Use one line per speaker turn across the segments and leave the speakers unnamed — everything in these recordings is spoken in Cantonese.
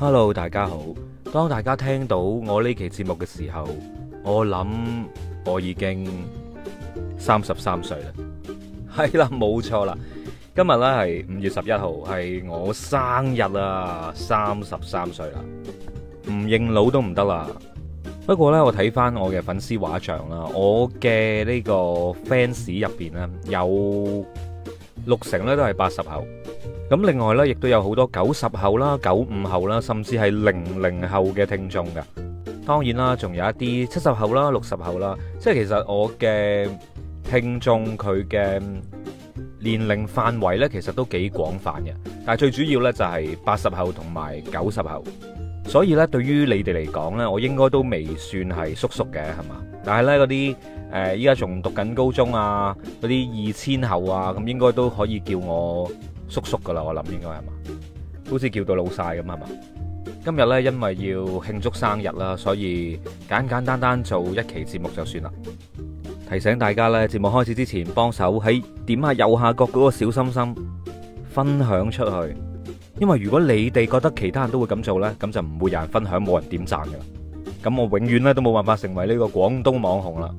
hello，大家好。當大家聽到我呢期節目嘅時候，我諗我已經三十三歲啦。係啦，冇錯啦。今日咧係五月十一號，係我生日啊，三十三歲啦。唔認老都唔得啦。不過呢，我睇翻我嘅粉絲畫像啦，我嘅呢個 fans 入邊呢，有六成咧都係八十後。咁另外呢，亦都有好多九十後啦、九五後啦，甚至係零零後嘅聽眾噶。當然啦，仲有一啲七十後啦、六十後啦，即係其實我嘅聽眾佢嘅年齡範圍呢，其實都幾廣泛嘅。但係最主要呢就係八十後同埋九十後。所以呢，對於你哋嚟講呢，我應該都未算係叔叔嘅，係嘛？但係呢，嗰啲誒依家仲讀緊高中啊，嗰啲二千後啊，咁應該都可以叫我。叔叔噶啦，我諗應該係嘛，好似叫到老晒咁係嘛。今日呢，因為要慶祝生日啦，所以簡簡單單做一期節目就算啦。提醒大家呢，節目開始之前，幫手喺點下右下角嗰個小心心，分享出去。因為如果你哋覺得其他人都會咁做呢，咁就唔會有人分享，冇人點讚噶啦。咁我永遠呢都冇辦法成為呢個廣東網紅啦。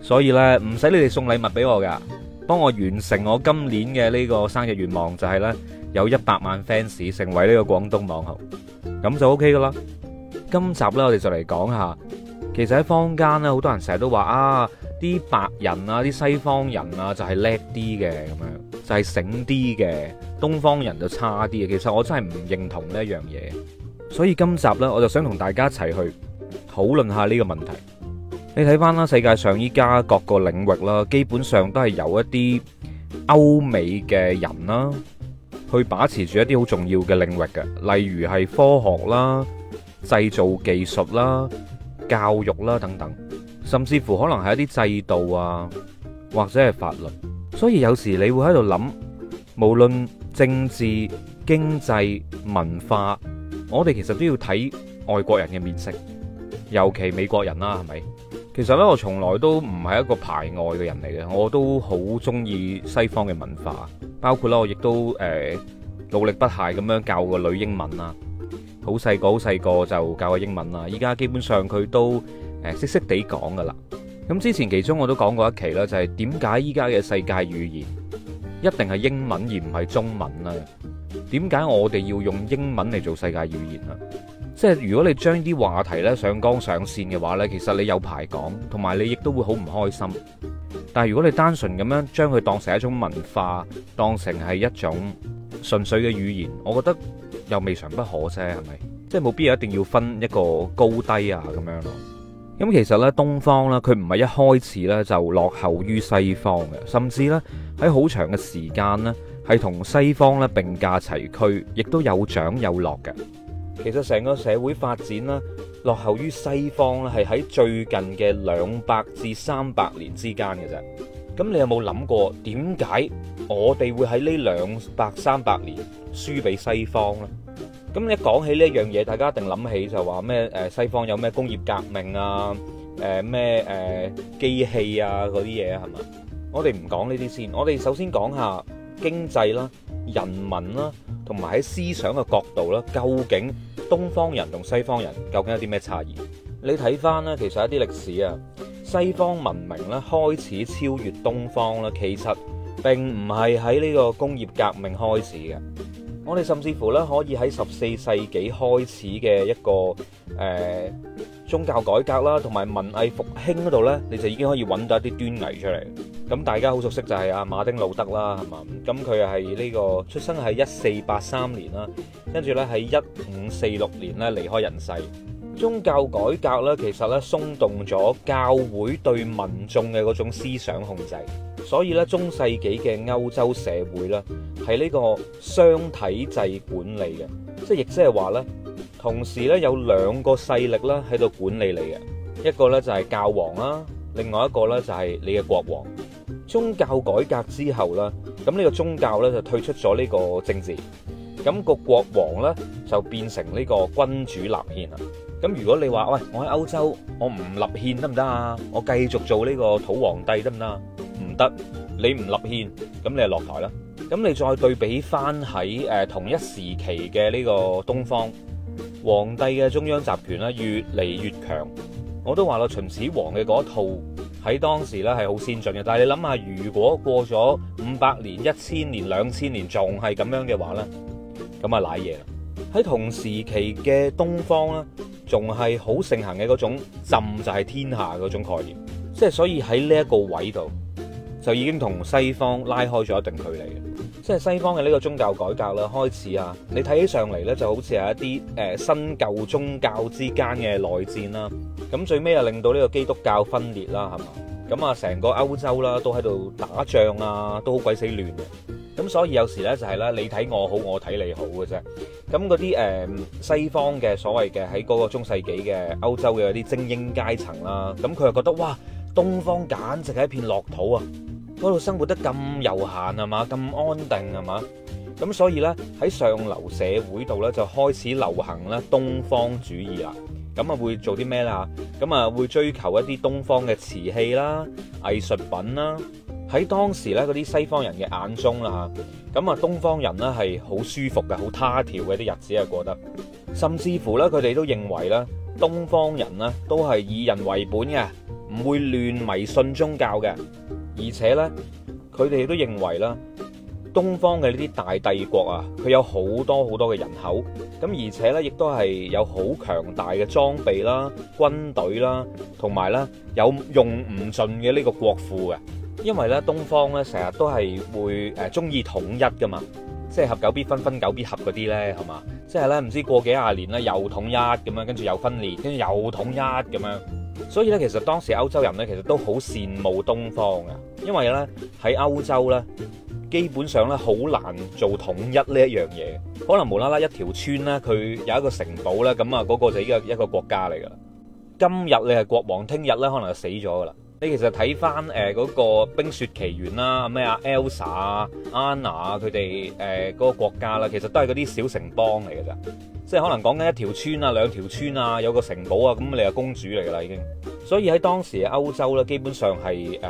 所以呢，唔使你哋送禮物俾我噶。幫我完成我今年嘅呢個生日願望，就係呢：有一百萬 fans 成為呢個廣東網紅，咁就 OK 噶啦。今集呢，我哋就嚟講下，其實喺坊間呢，好多人成日都話啊，啲白人啊，啲西方人啊，就係叻啲嘅，咁樣就係醒啲嘅，東方人就差啲嘅。其實我真係唔認同呢一樣嘢，所以今集呢，我就想同大家一齊去討論下呢個問題。你睇翻啦，世界上依家各個領域啦，基本上都係有一啲歐美嘅人啦，去把持住一啲好重要嘅領域嘅，例如係科學啦、製造技術啦、教育啦等等，甚至乎可能係一啲制度啊，或者係法律。所以有時你會喺度諗，無論政治、經濟、文化，我哋其實都要睇外國人嘅面色，尤其美國人啦，係咪？其實咧，我從來都唔係一個排外嘅人嚟嘅，我都好中意西方嘅文化，包括咧，我亦都誒、呃、努力不懈咁樣教個女英文啦。好細個，好細個就教個英文啦。依家基本上佢都誒識識地講噶啦。咁、呃、之前其中我都講過一期啦，就係點解依家嘅世界語言一定係英文而唔係中文啦？點解我哋要用英文嚟做世界語言啊？即係如果你將啲話題呢，上綱上線嘅話呢，其實你有排講，同埋你亦都會好唔開心。但係如果你單純咁樣將佢當成一種文化，當成係一種純粹嘅語言，我覺得又未嘗不可啫，係咪？即係冇必要一定要分一個高低啊咁樣咯。咁其實呢，東方呢，佢唔係一開始呢就落後於西方嘅，甚至呢，喺好長嘅時間呢，係同西方呢並駕齊驅，亦都有漲有落嘅。其實成個社會發展咧，落後於西方咧，係喺最近嘅兩百至三百年之間嘅啫。咁你有冇諗過點解我哋會喺呢兩百三百年輸俾西方呢？咁你講起呢一樣嘢，大家一定諗起就話咩？誒西方有咩工業革命啊？誒咩誒機器啊嗰啲嘢啊，係嘛？我哋唔講呢啲先，我哋首先講下。經濟啦、人民啦，同埋喺思想嘅角度啦，究竟東方人同西方人究竟有啲咩差異？你睇翻呢，其實一啲歷史啊，西方文明呢開始超越東方啦。其實並唔係喺呢個工業革命開始嘅，我哋甚至乎呢，可以喺十四世紀開始嘅一個誒、呃、宗教改革啦，同埋文藝復興嗰度呢，你就已經可以揾到一啲端倪出嚟。咁大家好熟悉就係阿馬丁路德啦，係嘛？咁佢係呢個出生喺一四八三年啦，跟住咧喺一五四六年咧離開人世。宗教改革咧，其實咧鬆動咗教會對民眾嘅嗰種思想控制，所以咧中世紀嘅歐洲社會咧係呢個雙體制管理嘅，即係亦即係話咧，同時咧有兩個勢力啦喺度管理你嘅，一個咧就係教皇啦，另外一個咧就係你嘅國王。宗教改革之後啦，咁呢個宗教咧就退出咗呢個政治，咁個國王咧就變成呢個君主立憲啊。咁如果你話喂，我喺歐洲，我唔立憲得唔得啊？我繼續做呢個土皇帝得唔得啊？唔得，你唔立憲，咁你就落台啦。咁你再對比翻喺誒同一時期嘅呢個東方，皇帝嘅中央集權咧越嚟越強。我都話啦，秦始皇嘅嗰一套。喺當時咧係好先進嘅，但係你諗下，如果過咗五百年、一千年、兩千年仲係咁樣嘅話呢，咁啊瀨嘢啦！喺同時期嘅東方呢，仲係好盛行嘅嗰種朕就係天下嗰種概念，即係所以喺呢一個位度，就已經同西方拉開咗一定距離。即係西方嘅呢個宗教改革啦，開始啊，你睇起上嚟咧就好似係一啲誒、呃、新舊宗教之間嘅內戰啦，咁最尾啊令到呢個基督教分裂啦，係嘛，咁啊成個歐洲啦都喺度打仗啊，都好鬼死亂嘅，咁所以有時咧就係、是、咧你睇我好，我睇你好嘅啫，咁嗰啲誒西方嘅所謂嘅喺嗰個中世紀嘅歐洲嘅一啲精英階層啦，咁佢又覺得哇東方簡直係一片樂土啊！嗰度生活得咁悠閒係嘛，咁安定係嘛，咁所以呢，喺上流社會度呢，就開始流行咧東方主義啦。咁啊會做啲咩咧？咁啊會追求一啲東方嘅瓷器啦、藝術品啦。喺當時呢嗰啲西方人嘅眼中啦，咁啊東方人呢，係好舒服嘅，好他條嘅啲日子啊過得。甚至乎呢，佢哋都認為呢東方人呢，都係以人為本嘅，唔會亂迷信宗教嘅。而且呢，佢哋都認為啦，東方嘅呢啲大帝國啊，佢有好多好多嘅人口，咁而且呢，亦都係有好強大嘅裝備啦、啊、軍隊啦、啊，同埋呢有用唔盡嘅呢個國庫嘅、啊，因為呢，東方呢成日都係會誒中意統一噶嘛，即係合久必分，分久必合嗰啲呢，係嘛，即係呢，唔知過幾廿年呢，又統一咁樣，跟住又分裂，跟住又統一咁樣。所以咧，其實當時歐洲人咧，其實都好羨慕東方㗎，因為咧喺歐洲咧，基本上咧好難做統一呢一樣嘢，可能無啦啦一條村咧，佢有一個城堡咧，咁啊嗰個就一個一個國家嚟噶啦。今日你係國王，聽日咧可能就死咗噶啦。你其實睇翻誒嗰個《冰雪奇緣》啦，咩阿 Elsa、Anna 佢哋誒嗰個國家啦，其實都係嗰啲小城邦嚟嘅咋，即係可能講緊一條村啊、兩條村啊，有個城堡啊，咁你係公主嚟㗎啦已經。所以喺當時嘅歐洲咧，基本上係誒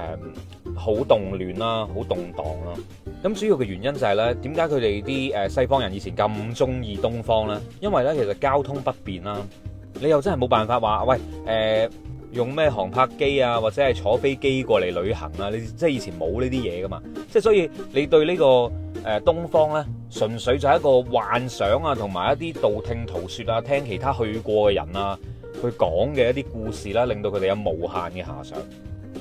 好動亂啦、好動盪啦。咁主要嘅原因就係咧，點解佢哋啲誒西方人以前咁中意東方咧？因為咧，其實交通不便啦，你又真係冇辦法話喂誒。呃用咩航拍機啊，或者係坐飛機過嚟旅行啊？你即係以前冇呢啲嘢㗎嘛？即係所以你對呢個誒東方呢，純粹就係一個幻想啊，同埋一啲道聽途說啊，聽其他去過嘅人啊，佢講嘅一啲故事啦、啊，令到佢哋有無限嘅遐想。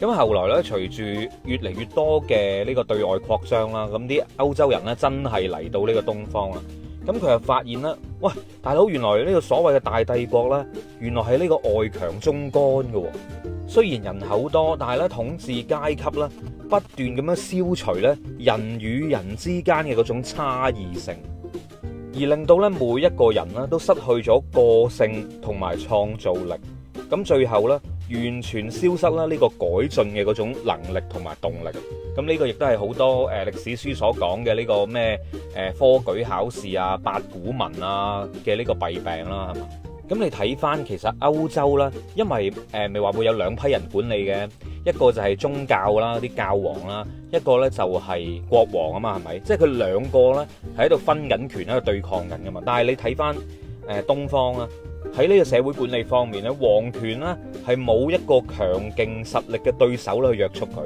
咁後來呢，隨住越嚟越多嘅呢個對外擴張啦，咁啲歐洲人呢，真係嚟到呢個東方啊。咁佢又發現啦，喂，大佬，原來呢個所謂嘅大帝國呢，原來係呢個外強中乾乾嘅喎。雖然人口多，但係呢，統治階級呢，不斷咁樣消除呢，人與人之間嘅嗰種差異性，而令到呢，每一個人呢，都失去咗個性同埋創造力。咁最後呢。完全消失啦！呢個改進嘅嗰種能力同埋動力，咁呢個亦都係好多誒、呃、歷史書所講嘅呢個咩誒、呃、科舉考試啊、八股文啊嘅呢個弊病啦、啊，係嘛？咁你睇翻其實歐洲啦，因為誒咪話會有兩批人管理嘅，一個就係宗教啦、啲教皇啦，一個呢就係、是、國王啊嘛，係咪？即係佢兩個呢，喺度分緊權喺度對抗緊㗎嘛。但係你睇翻誒東方啦。喺呢個社會管理方面咧，皇權咧係冇一個強勁實力嘅對手咧去約束佢，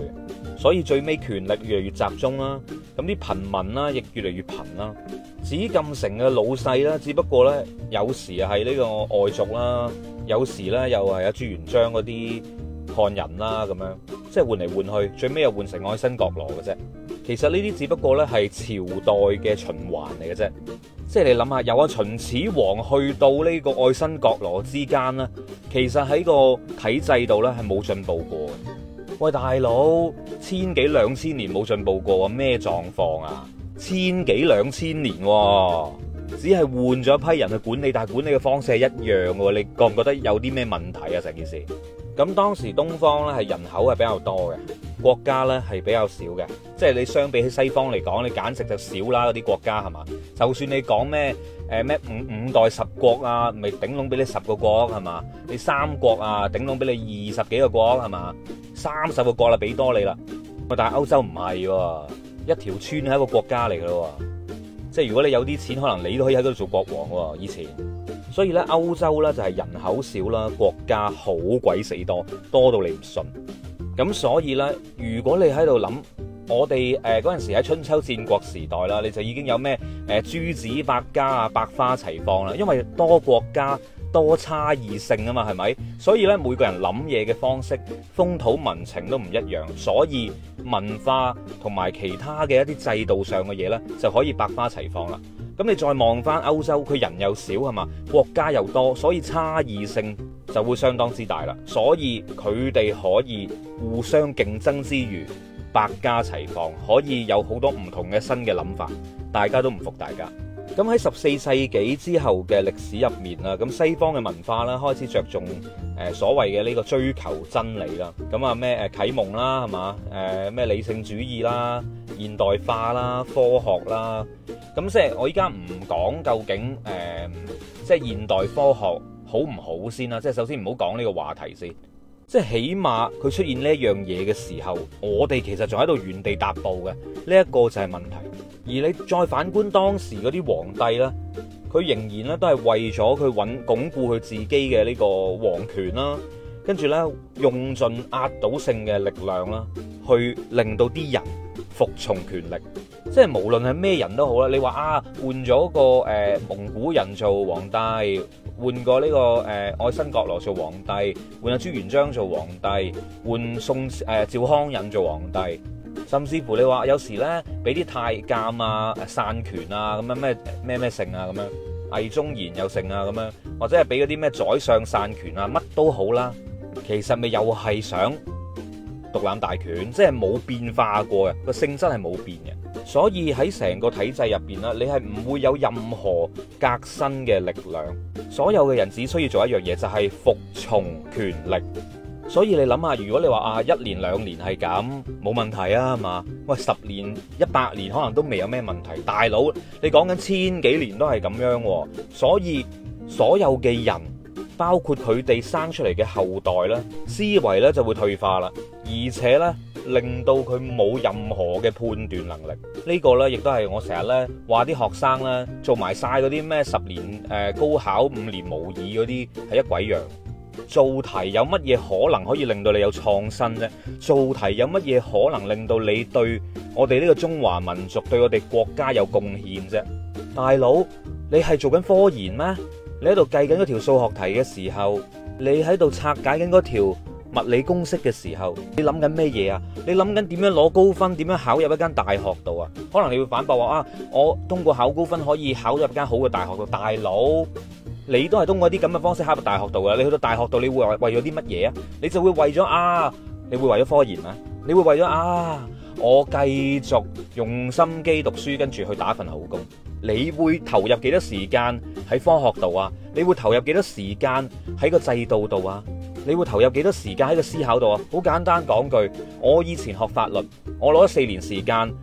所以最尾權力越嚟越集中啦。咁啲貧民啦，亦越嚟越貧啦。紫禁城嘅老細啦，只不過咧，有時係呢個外族啦，有時咧又係阿朱元璋嗰啲漢人啦，咁樣即係換嚟換去，最尾又換成愛新覺羅嘅啫。其實呢啲只不過咧係朝代嘅循環嚟嘅啫。即係你諗下，由啊秦始皇去到呢個愛新覺羅之間呢，其實喺個體制度呢係冇進步過。喂，大佬，千幾兩千年冇進步過啊？咩狀況啊？千幾兩千年，哦，只係換咗一批人去管理，但係管理嘅方式係一樣嘅。你覺唔覺得有啲咩問題啊？成件事？咁當時東方咧係人口係比較多嘅，國家咧係比較少嘅，即係你相比起西方嚟講，你簡直就少啦，嗰啲國家係嘛？就算你講咩誒咩五五代十國啊，咪頂籠俾你十個國係嘛？你三國啊，頂籠俾你二十幾個國係嘛？三十個國啦，俾多你啦。但係歐洲唔係喎，一條村係一個國家嚟嘅喎，即係如果你有啲錢，可能你都可以喺嗰度做國王喎，以前。所以咧，歐洲咧就係人口少啦，國家好鬼死多，多到你唔信。咁所以咧，如果你喺度諗，我哋誒嗰陣時喺春秋戰國時代啦，你就已經有咩誒諸子百家啊，百花齊放啦。因為多國家多差異性啊嘛，係咪？所以咧，每個人諗嘢嘅方式、風土民情都唔一樣，所以文化同埋其他嘅一啲制度上嘅嘢咧，就可以百花齊放啦。咁你再望返歐洲，佢人又少係嘛？國家又多，所以差異性就會相當之大啦。所以佢哋可以互相競爭之餘，百家齊放，可以有好多唔同嘅新嘅諗法，大家都唔服大家。咁喺十四世紀之後嘅歷史入面啊，咁西方嘅文化啦，開始着重誒所謂嘅呢個追求真理啦。咁啊咩誒啟蒙啦，係嘛，誒咩理性主義啦，現代化啦，科學啦。咁即係我依家唔講究竟誒、嗯，即係現代科學好唔好先啦。即係首先唔好講呢個話題先。即係起碼佢出現呢一樣嘢嘅時候，我哋其實仲喺度原地踏步嘅。呢一個就係問題。而你再反觀當時嗰啲皇帝咧，佢仍然咧都係為咗佢穩鞏固佢自己嘅呢個皇權啦，跟住咧用盡壓倒性嘅力量啦，去令到啲人，服從權力，即係無論係咩人都好啦。你話啊，換咗個誒、呃、蒙古人做皇帝，換過、這個呢個誒愛新覺羅做皇帝，換阿朱元璋做皇帝，換宋誒趙匡胤做皇帝，甚至乎你話有時咧，俾啲太監啊、擅權啊咁樣咩咩咩姓啊咁樣，魏忠賢又姓啊咁樣，或者係俾嗰啲咩宰相擅權啊乜都好啦，其實咪又係想。獨攬大權，即係冇變化過嘅，個性質係冇變嘅，所以喺成個體制入邊啦，你係唔會有任何革新嘅力量。所有嘅人只需要做一樣嘢，就係、是、服從權力。所以你諗下，如果你話啊，一年兩年係咁，冇問題啊，係嘛？喂，十年、一百年可能都未有咩問題。大佬，你講緊千幾年都係咁樣，啊，所以所有嘅人。包括佢哋生出嚟嘅後代咧，思維咧就會退化啦，而且咧令到佢冇任何嘅判斷能力。呢個咧亦都係我成日咧話啲學生咧做埋晒嗰啲咩十年誒高考五年模擬嗰啲係一鬼樣。做題有乜嘢可能可以令到你有創新啫？做題有乜嘢可能令到你對我哋呢個中華民族對我哋國家有貢獻啫？大佬，你係做緊科研咩？你喺度計緊嗰條數學題嘅時候，你喺度拆解緊嗰條物理公式嘅時候，你諗緊咩嘢啊？你諗緊點樣攞高分，點樣考入一間大學度啊？可能你會反駁話啊，我通過考高分可以考入間好嘅大學度。大佬，你都係通過啲咁嘅方式考入大學度啊。你去到大學度，你會為咗啲乜嘢啊？你就會為咗啊，你會為咗科研啊？你會為咗啊，我繼續用心機讀書，跟住去打份好工。你會投入幾多時間喺科學度啊？你會投入幾多時間喺個制度度啊？你會投入幾多時間喺個思考度啊？好簡單講句，我以前學法律，我攞咗四年時間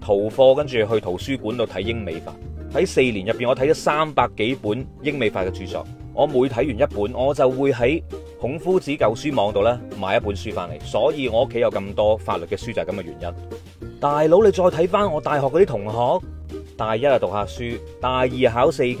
逃課，跟住去圖書館度睇英美法。喺四年入邊，我睇咗三百幾本英美法嘅著作。我每睇完一本，我就會喺孔夫子舊書網度咧買一本書翻嚟。所以我屋企有咁多法律嘅書就係咁嘅原因。大佬，你再睇翻我大學嗰啲同學。大一啊，讀下書；大二考四級，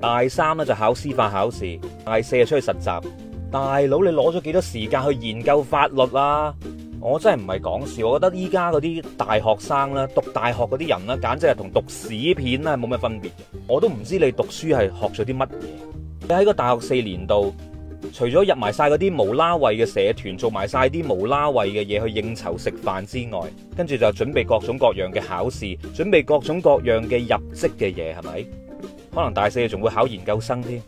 大三咧就考司法考試，大四啊出去實習。大佬，你攞咗幾多時間去研究法律啦啊？我真係唔係講笑，我覺得依家嗰啲大學生啦，讀大學嗰啲人啦，簡直係同讀屎片啦冇咩分別嘅。我都唔知你讀書係學咗啲乜嘢。你喺個大學四年度。除咗入埋晒嗰啲無啦喂嘅社團，做埋晒啲無啦喂嘅嘢去應酬食飯之外，跟住就準備各種各樣嘅考試，準備各種各樣嘅入職嘅嘢，係咪？可能大四仲會考研究生添。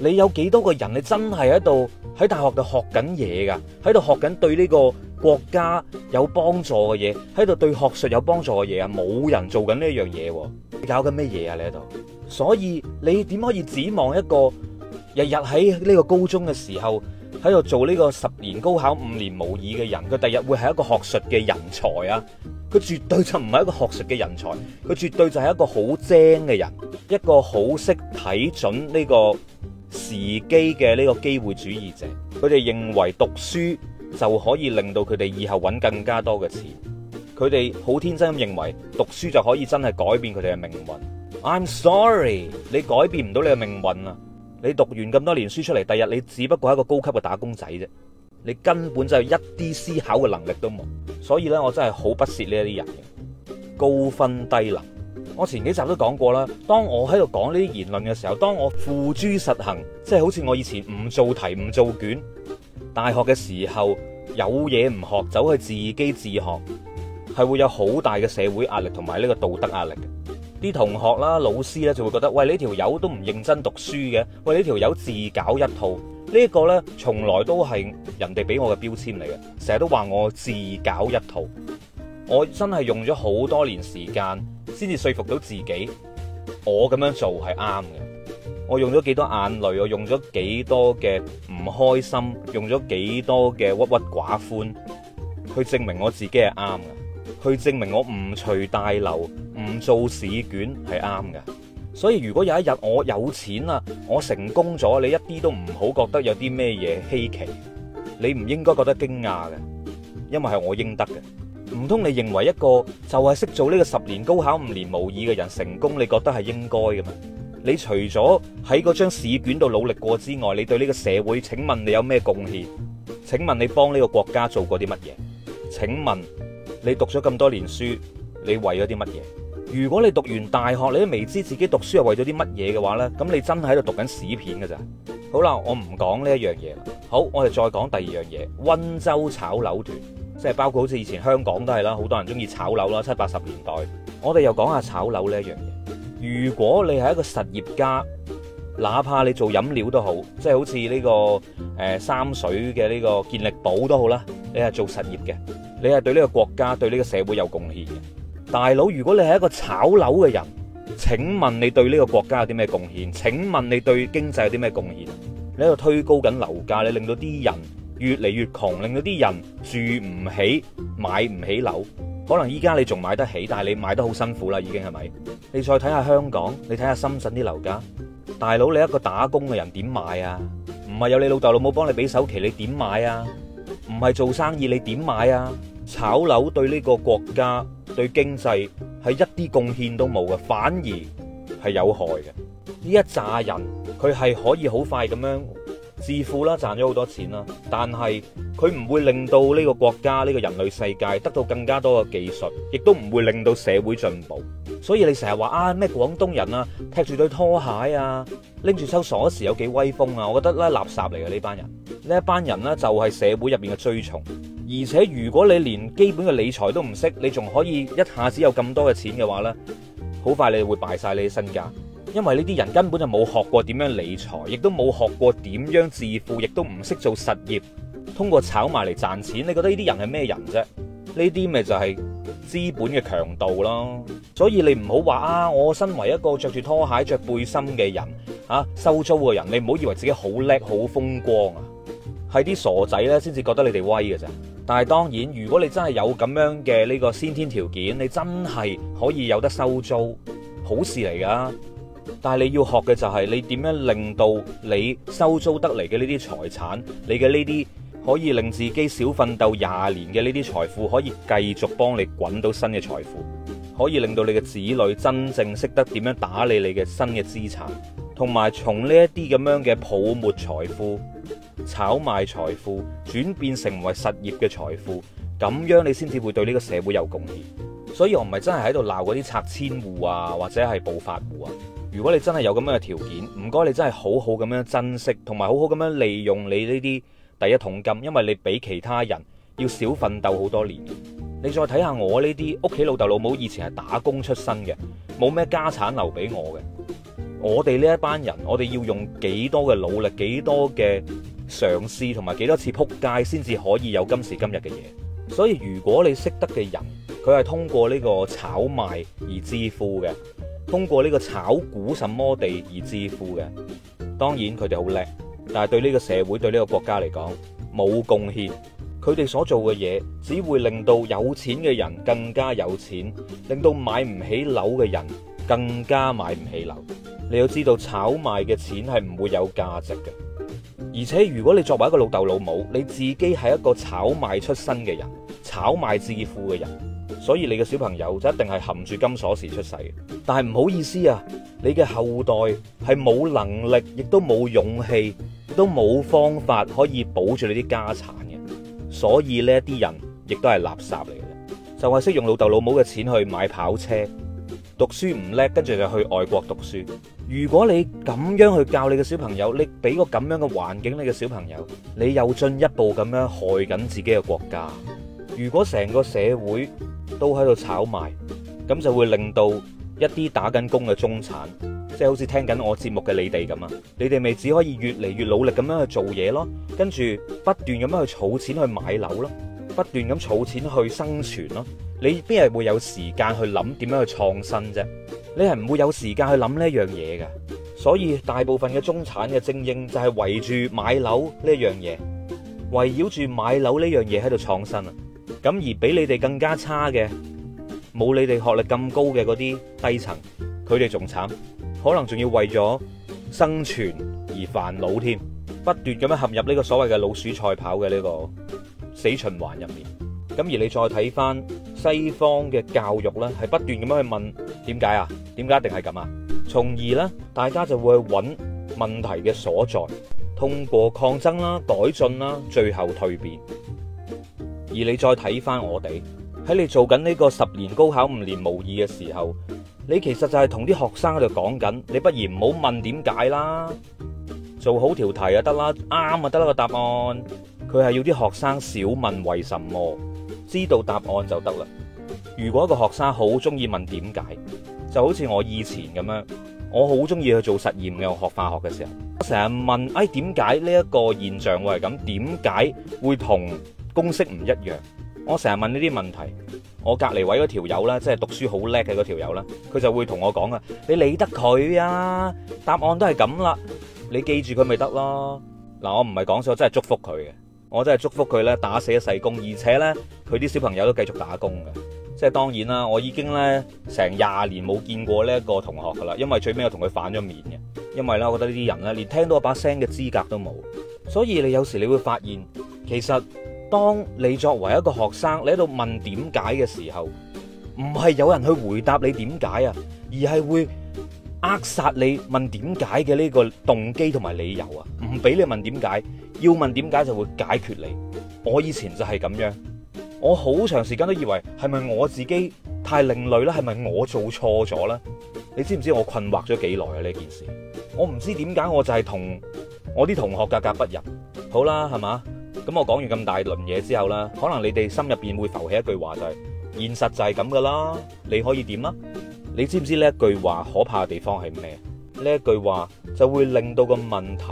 你有幾多個人你真係喺度喺大學度學緊嘢噶？喺度學緊對呢個國家有幫助嘅嘢，喺度對學術有幫助嘅嘢啊？冇人做緊呢樣嘢，你搞緊咩嘢啊？你喺度？所以你點可以指望一個？日日喺呢個高中嘅時候喺度做呢個十年高考五年模擬嘅人，佢第日會係一個學術嘅人才啊！佢絕對就唔係一個學術嘅人才，佢絕對就係一個好精嘅人，一個好識睇準呢個時機嘅呢個機會主義者。佢哋認為讀書就可以令到佢哋以後揾更加多嘅錢，佢哋好天真咁認為讀書就可以真係改變佢哋嘅命運。I'm sorry，你改變唔到你嘅命運啊。你讀完咁多年書出嚟，第日你只不過係一個高級嘅打工仔啫，你根本就有一啲思考嘅能力都冇，所以咧我真係好不屑呢一啲人高分低能。我前幾集都講過啦，當我喺度講呢啲言論嘅時候，當我付諸實行，即係好似我以前唔做題唔做卷，大學嘅時候有嘢唔學，走去自己自學，係會有好大嘅社會壓力同埋呢個道德壓力。啲同學啦，老師咧就會覺得：喂，呢條友都唔認真讀書嘅，喂，呢條友自搞一套。呢個呢，從來都係人哋俾我嘅標籤嚟嘅，成日都話我自搞一套。我真係用咗好多年時間，先至說服到自己，我咁樣做係啱嘅。我用咗幾多眼淚，我用咗幾多嘅唔開心，用咗幾多嘅鬱鬱寡歡，去證明我自己係啱嘅，去證明我唔隨大流。做試卷係啱嘅，所以如果有一日我有錢啦、啊，我成功咗，你一啲都唔好覺得有啲咩嘢稀奇，你唔應該覺得驚訝嘅，因為係我應得嘅。唔通你認為一個就係識做呢個十年高考五年模擬嘅人成功，你覺得係應該嘅嘛？你除咗喺嗰張試卷度努力過之外，你對呢個社會，請問你有咩貢獻？請問你幫呢個國家做過啲乜嘢？請問你讀咗咁多年書，你為咗啲乜嘢？如果你讀完大學，你都未知自己讀書係為咗啲乜嘢嘅話呢，咁你真係喺度讀緊屎片嘅咋？好啦，我唔講呢一樣嘢啦。好，我哋再講第二樣嘢，溫州炒樓團，即係包括好似以前香港都係啦，好多人中意炒樓啦，七八十年代。我哋又講下炒樓呢一樣嘢。如果你係一個實業家，哪怕你做飲料都好，即係好似呢、這個誒、呃、三水嘅呢個健力寶都好啦，你係做實業嘅，你係對呢個國家對呢個社會有貢獻嘅。大佬，如果你係一個炒樓嘅人，請問你對呢個國家有啲咩貢獻？請問你對經濟有啲咩貢獻？你喺度推高緊樓價，你令到啲人越嚟越窮，令到啲人住唔起、買唔起樓。可能依家你仲買得起，但係你買得好辛苦啦，已經係咪？你再睇下香港，你睇下深圳啲樓價。大佬，你一個打工嘅人點買啊？唔係有你老豆老母幫你俾首期，你點買啊？唔係做生意，你點買啊？炒樓對呢個國家對經濟係一啲貢獻都冇嘅，反而係有害嘅。呢一扎人佢係可以好快咁樣致富啦，賺咗好多錢啦，但係佢唔會令到呢個國家呢個人類世界得到更加多嘅技術，亦都唔會令到社會進步。所以你成日話啊咩廣東人啊，踢住對拖鞋啊，拎住收鎖匙有幾威風啊？我覺得咧，垃圾嚟嘅呢班人，呢一班人呢，人就係社會入面嘅蛀蟲。而且如果你連基本嘅理財都唔識，你仲可以一下子有咁多嘅錢嘅話呢，好快就會你會敗晒你身家。因為呢啲人根本就冇學過點樣理財，亦都冇學過點樣致富，亦都唔識做實業。通過炒埋嚟賺錢，你覺得呢啲人係咩人啫？呢啲咪就係資本嘅強盜咯。所以你唔好話啊，我身為一個着住拖鞋、着背心嘅人，吓，收租嘅人，你唔好以為自己好叻、好風光啊。係啲傻仔呢先至覺得你哋威嘅啫。但係當然，如果你真係有咁樣嘅呢個先天條件，你真係可以有得收租，好事嚟㗎。但係你要學嘅就係你點樣令到你收租得嚟嘅呢啲財產，你嘅呢啲可以令自己少奮鬥廿年嘅呢啲財富，可以繼續幫你滾到新嘅財富，可以令到你嘅子女真正識得點樣打理你嘅新嘅資產，同埋從呢一啲咁樣嘅泡沫財富，炒賣財富轉變成為實業嘅財富，咁樣你先至會對呢個社會有貢獻。所以我唔係真係喺度鬧嗰啲拆遷戶啊，或者係暴發戶啊。如果你真係有咁樣嘅條件，唔該你真係好好咁樣珍惜，同埋好好咁樣利用你呢啲第一桶金，因為你比其他人要少奮鬥好多年。你再睇下我呢啲屋企老豆老母以前係打工出身嘅，冇咩家產留俾我嘅。我哋呢一班人，我哋要用幾多嘅努力，幾多嘅？嘗試同埋幾多次撲街先至可以有今時今日嘅嘢，所以如果你識得嘅人，佢係通過呢個炒賣而致富嘅，通過呢個炒股什麼地而致富嘅，當然佢哋好叻，但係對呢個社會對呢個國家嚟講冇貢獻，佢哋所做嘅嘢只會令到有錢嘅人更加有錢，令到買唔起樓嘅人更加買唔起樓。你要知道炒賣嘅錢係唔會有價值嘅。而且如果你作為一個老豆老母，你自己係一個炒賣出身嘅人，炒賣致富嘅人，所以你嘅小朋友就一定係含住金鎖匙出世。但係唔好意思啊，你嘅後代係冇能力，亦都冇勇氣，亦都冇方法可以保住你啲家產嘅。所以呢啲人亦都係垃圾嚟嘅，就係識用老豆老母嘅錢去買跑車，讀書唔叻，跟住就去外國讀書。如果你咁樣去教你嘅小朋友，你俾個咁樣嘅環境，你嘅小朋友，你又進一步咁樣害緊自己嘅國家。如果成個社會都喺度炒賣，咁就會令到一啲打緊工嘅中產，即係好似聽緊我節目嘅你哋咁啊，你哋咪只可以越嚟越努力咁樣去做嘢咯，跟住不斷咁樣去儲錢去買樓咯，不斷咁儲錢去生存咯，你邊日係會有時間去諗點樣去創新啫？你係唔會有時間去諗呢樣嘢嘅，所以大部分嘅中產嘅精英就係圍住買樓呢樣嘢，圍繞住買樓呢樣嘢喺度創新啊！咁而比你哋更加差嘅，冇你哋學歷咁高嘅嗰啲低層，佢哋仲慘，可能仲要為咗生存而煩惱添，不斷咁樣陷入呢個所謂嘅老鼠賽跑嘅呢個死循環入面。咁而你再睇翻。西方嘅教育呢，係不斷咁樣去問點解啊？點解一定係咁啊？從而呢，大家就會揾問題嘅所在，通過抗爭啦、改進啦，最後蛻變。而你再睇翻我哋喺你做緊呢個十年高考五年模擬嘅時候，你其實就係同啲學生喺度講緊，你不如唔好問點解啦，做好條題就得啦，啱啊得啦個答案。佢係要啲學生少問為什麼。知道答案就得啦。如果一個學生好中意問點解，就好似我以前咁樣，我好中意去做實驗嘅。我學化學嘅時候，我成日問，哎，點解呢一個現象會係咁？點解會同公式唔一樣？我成日問呢啲問題。我隔籬位嗰條友啦，即係讀書好叻嘅嗰條友啦，佢就會同我講啊，你理得佢啊？答案都係咁啦，你記住佢咪得咯。嗱，我唔係講笑，我真係祝福佢嘅。我真係祝福佢咧，打死一世工，而且咧佢啲小朋友都繼續打工嘅。即係當然啦，我已經咧成廿年冇見過呢一個同學㗎啦，因為最尾我同佢反咗面嘅。因為咧，我覺得呢啲人咧，連聽到我把聲嘅資格都冇。所以你有時你會發現，其實當你作為一個學生，你喺度問點解嘅時候，唔係有人去回答你點解啊，而係會扼殺你問點解嘅呢個動機同埋理由啊，唔俾你問點解，要問點解就會解決你。我以前就係咁樣，我好長時間都以為係咪我自己太另類啦，係咪我做錯咗咧？你知唔知我困惑咗幾耐啊呢件事？我唔知點解我就係同我啲同學格格不入。好啦，係嘛？咁我講完咁大輪嘢之後啦，可能你哋心入邊會浮起一句話就係：現實就係咁噶啦，你可以點啊？你知唔知呢一句話可怕嘅地方係咩？呢一句話就會令到個問題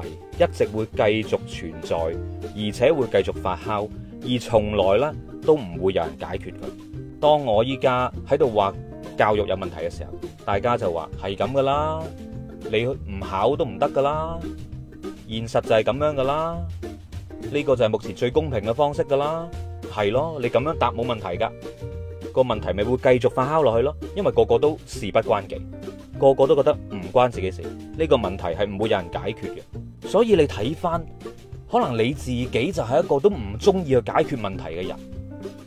一直會繼續存在，而且會繼續發酵，而從來呢都唔會有人解決佢。當我依家喺度話教育有問題嘅時候，大家就話係咁噶啦，你唔考都唔得噶啦，現實就係咁樣噶啦，呢個就係目前最公平嘅方式噶啦，係咯，你咁樣答冇問題噶。個問題咪會繼續發酵落去咯，因為個個都事不關己，個個都覺得唔關自己事。呢個問題係唔會有人解決嘅，所以你睇翻，可能你自己就係一個都唔中意去解決問題嘅人。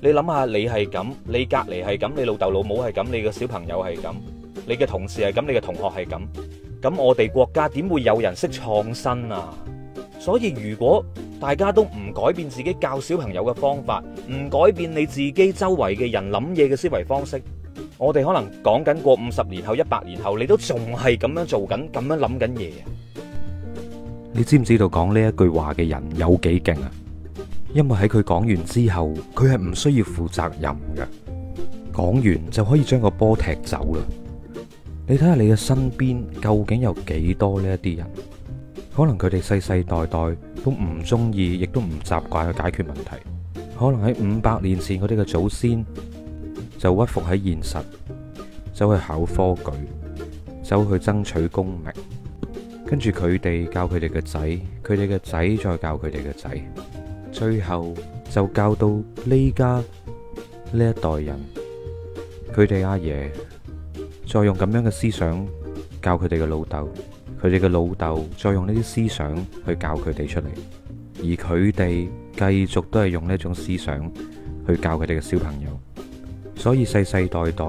你諗下，你係咁，你隔籬係咁，你老豆老母係咁，你個小朋友係咁，你嘅同事係咁，你嘅同學係咁，咁我哋國家點會有人識創新啊？所以如果大家都唔改變自己教小朋友嘅方法，唔改變你自己周圍嘅人諗嘢嘅思維方式，我哋可能講緊過五十年後、一百年後，你都仲係咁樣做緊、咁樣諗緊嘢。你知唔知道講呢一句話嘅人有幾勁啊？因為喺佢講完之後，佢係唔需要負責任嘅，講完就可以將個波踢走啦。你睇下你嘅身邊究竟有幾多呢一啲人？可能佢哋世世代代都唔中意，亦都唔習慣去解決問題。可能喺五百年前嗰啲嘅祖先就屈服喺現實，走去考科舉，走去爭取功名，跟住佢哋教佢哋嘅仔，佢哋嘅仔再教佢哋嘅仔，最後就教到呢家呢一代人，佢哋阿爺再用咁樣嘅思想教佢哋嘅老豆。佢哋嘅老豆再用呢啲思想去教佢哋出嚟，而佢哋繼續都係用呢種思想去教佢哋嘅小朋友，所以世世代代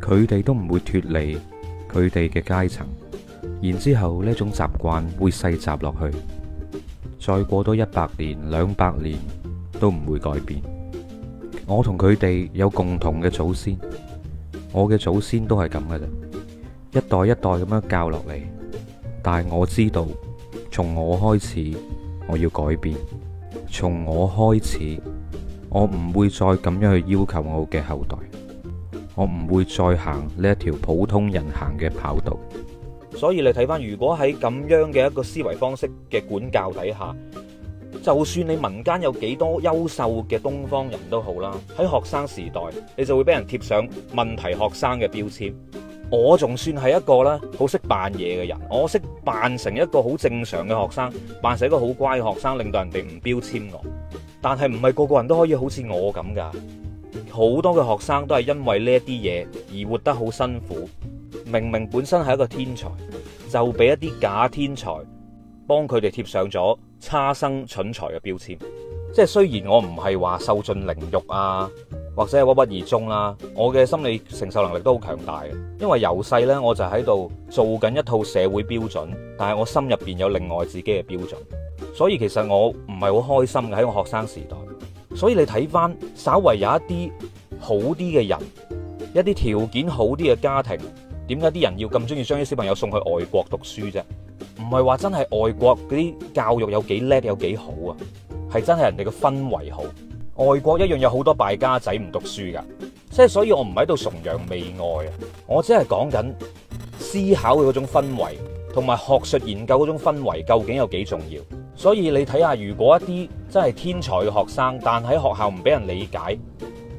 佢哋都唔會脫離佢哋嘅階層。然之後呢種習慣會世襲落去，再過多一百年、兩百年都唔會改變。我同佢哋有共同嘅祖先，我嘅祖先都係咁嘅。咋一代一代咁樣教落嚟。但係我知道，從我開始，我要改變。從我開始，我唔會再咁樣去要求我嘅後代。我唔會再行呢一條普通人行嘅跑道。所以你睇翻，如果喺咁樣嘅一個思維方式嘅管教底下，就算你民間有幾多優秀嘅東方人都好啦，喺學生時代，你就會俾人貼上問題學生嘅標籤。我仲算係一個咧，好識扮嘢嘅人，我識扮成一個好正常嘅學生，扮成一個好乖嘅學生，令到人哋唔標籤我。但係唔係個個人都可以好似我咁噶，好多嘅學生都係因為呢一啲嘢而活得好辛苦。明明本身係一個天才，就俾一啲假天才幫佢哋貼上咗差生、蠢材嘅標籤。即係雖然我唔係話受盡凌辱啊。或者係鬱鬱而終啦，我嘅心理承受能力都好強大嘅，因為由細呢，我就喺度做緊一套社會標準，但係我心入邊有另外自己嘅標準，所以其實我唔係好開心嘅喺我學生時代。所以你睇翻，稍微有一啲好啲嘅人，一啲條件好啲嘅家庭，點解啲人要咁中意將啲小朋友送去外國讀書啫？唔係話真係外國嗰啲教育有幾叻有幾好啊，係真係人哋嘅氛圍好。外國一樣有好多敗家仔唔讀書噶，即係所以我唔喺度崇洋媚外啊，我只係講緊思考嘅嗰種氛圍，同埋學術研究嗰種氛圍究竟有幾重要。所以你睇下，如果一啲真係天才嘅學生，但喺學校唔俾人理解，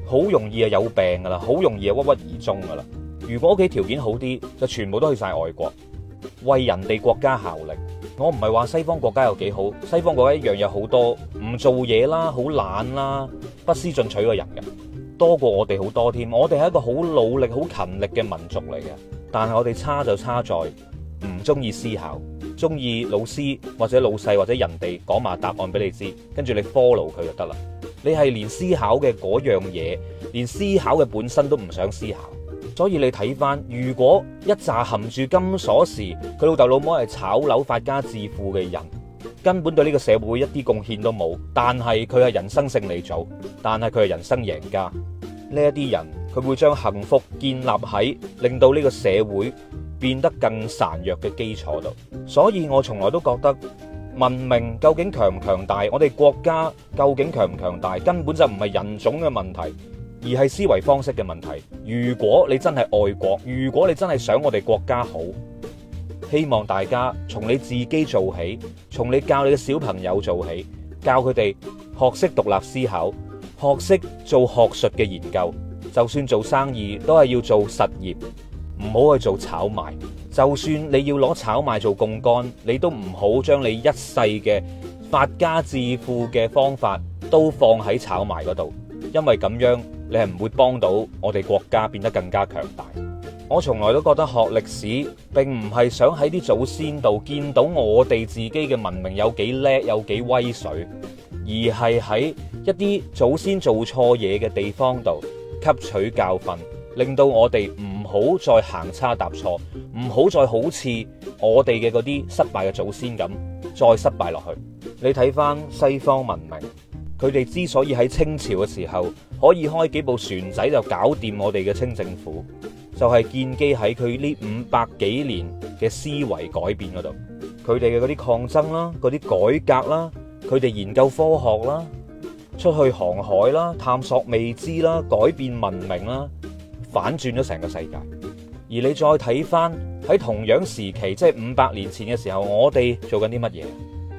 好容易啊有病噶啦，好容易啊鬱鬱而終噶啦。如果屋企條件好啲，就全部都去晒外國，為人哋國家效力。我唔係話西方國家有幾好，西方國家一樣有好多唔做嘢啦、好懶啦、不思進取嘅人嘅多過我哋好多添。我哋係一個好努力、好勤力嘅民族嚟嘅，但係我哋差就差在唔中意思考，中意老師或者老細或者人哋講埋答案俾你知，跟住你 follow 佢就得啦。你係連思考嘅嗰樣嘢，連思考嘅本身都唔想思考。所以你睇翻，如果一揸含住金鎖匙，佢老豆老母係炒樓發家致富嘅人，根本對呢個社會一啲貢獻都冇。但係佢係人生勝利組，但係佢係人生贏家。呢一啲人，佢會將幸福建立喺令到呢個社會變得更孱弱嘅基礎度。所以，我從來都覺得文明究竟強唔強大，我哋國家究竟強唔強大，根本就唔係人種嘅問題。而係思維方式嘅問題。如果你真係愛國，如果你真係想我哋國家好，希望大家從你自己做起，從你教你嘅小朋友做起，教佢哋學識獨立思考，學識做學術嘅研究。就算做生意都係要做實業，唔好去做炒賣。就算你要攞炒賣做槓桿，你都唔好將你一世嘅發家致富嘅方法都放喺炒賣嗰度，因為咁樣。你係唔會幫到我哋國家變得更加強大。我從來都覺得學歷史並唔係想喺啲祖先度見到我哋自己嘅文明有幾叻，有幾威水，而係喺一啲祖先做錯嘢嘅地方度吸取教訓，令到我哋唔好再行差踏錯，唔好再好似我哋嘅嗰啲失敗嘅祖先咁再失敗落去。你睇翻西方文明。佢哋之所以喺清朝嘅時候可以開幾部船仔就搞掂我哋嘅清政府，就係建基喺佢呢五百幾年嘅思維改變嗰度，佢哋嘅嗰啲抗爭啦、嗰啲改革啦、佢哋研究科學啦、出去航海啦、探索未知啦、改變文明啦，反轉咗成個世界。而你再睇翻喺同樣時期，即係五百年前嘅時候，我哋做緊啲乜嘢？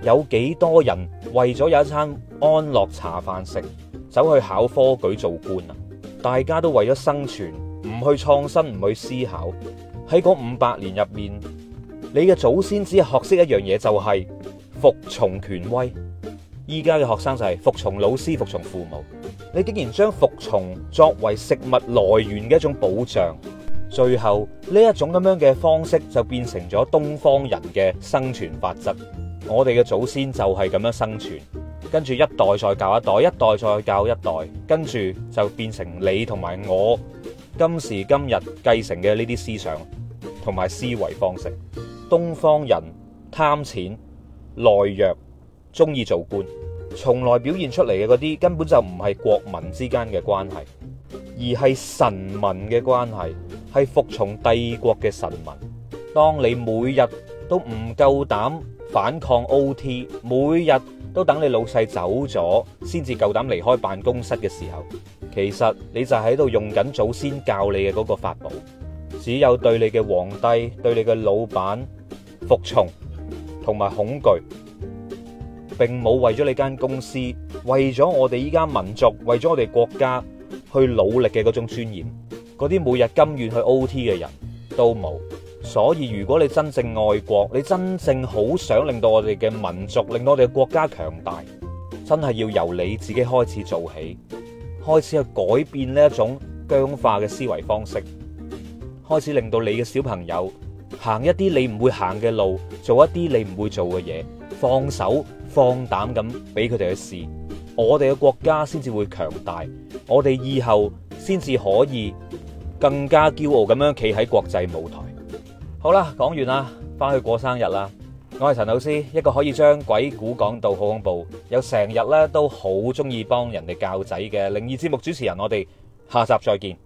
有幾多人為咗有一餐安樂茶飯食，走去考科舉做官啊？大家都為咗生存，唔去創新，唔去思考。喺嗰五百年入面，你嘅祖先只係學識一樣嘢，就係服從權威。依家嘅學生就係服從老師，服從父母。你竟然將服從作為食物來源嘅一種保障，最後呢，一種咁樣嘅方式就變成咗東方人嘅生存法則。我哋嘅祖先就係咁樣生存，跟住一代再教一代，一代再教一代，跟住就變成你同埋我今時今日繼承嘅呢啲思想同埋思維方式。東方人貪錢、懦弱、中意做官，從來表現出嚟嘅嗰啲根本就唔係國民之間嘅關係，而係臣民嘅關係，係服從帝國嘅臣民。當你每日都唔夠膽。反抗 OT 每日都等你老細走咗，先至夠膽離開辦公室嘅時候，其實你就喺度用緊祖先教你嘅嗰個法寶。只有對你嘅皇帝、對你嘅老闆服從同埋恐懼，並冇為咗你間公司、為咗我哋依家民族、為咗我哋國家去努力嘅嗰種尊嚴，嗰啲每日甘願去 OT 嘅人都冇。所以，如果你真正愛國，你真正好想令到我哋嘅民族，令到我哋嘅國家強大，真係要由你自己開始做起，開始去改變呢一種僵化嘅思維方式，開始令到你嘅小朋友行一啲你唔會行嘅路，做一啲你唔會做嘅嘢，放手放膽咁俾佢哋去試。我哋嘅國家先至會強大，我哋以後先至可以更加驕傲咁樣企喺國際舞台。好啦，講完啦，翻去過生日啦。我係陳老師，一個可以將鬼故講到好恐怖，有成日咧都好中意幫人哋教仔嘅靈異節目主持人我。我哋下集再見。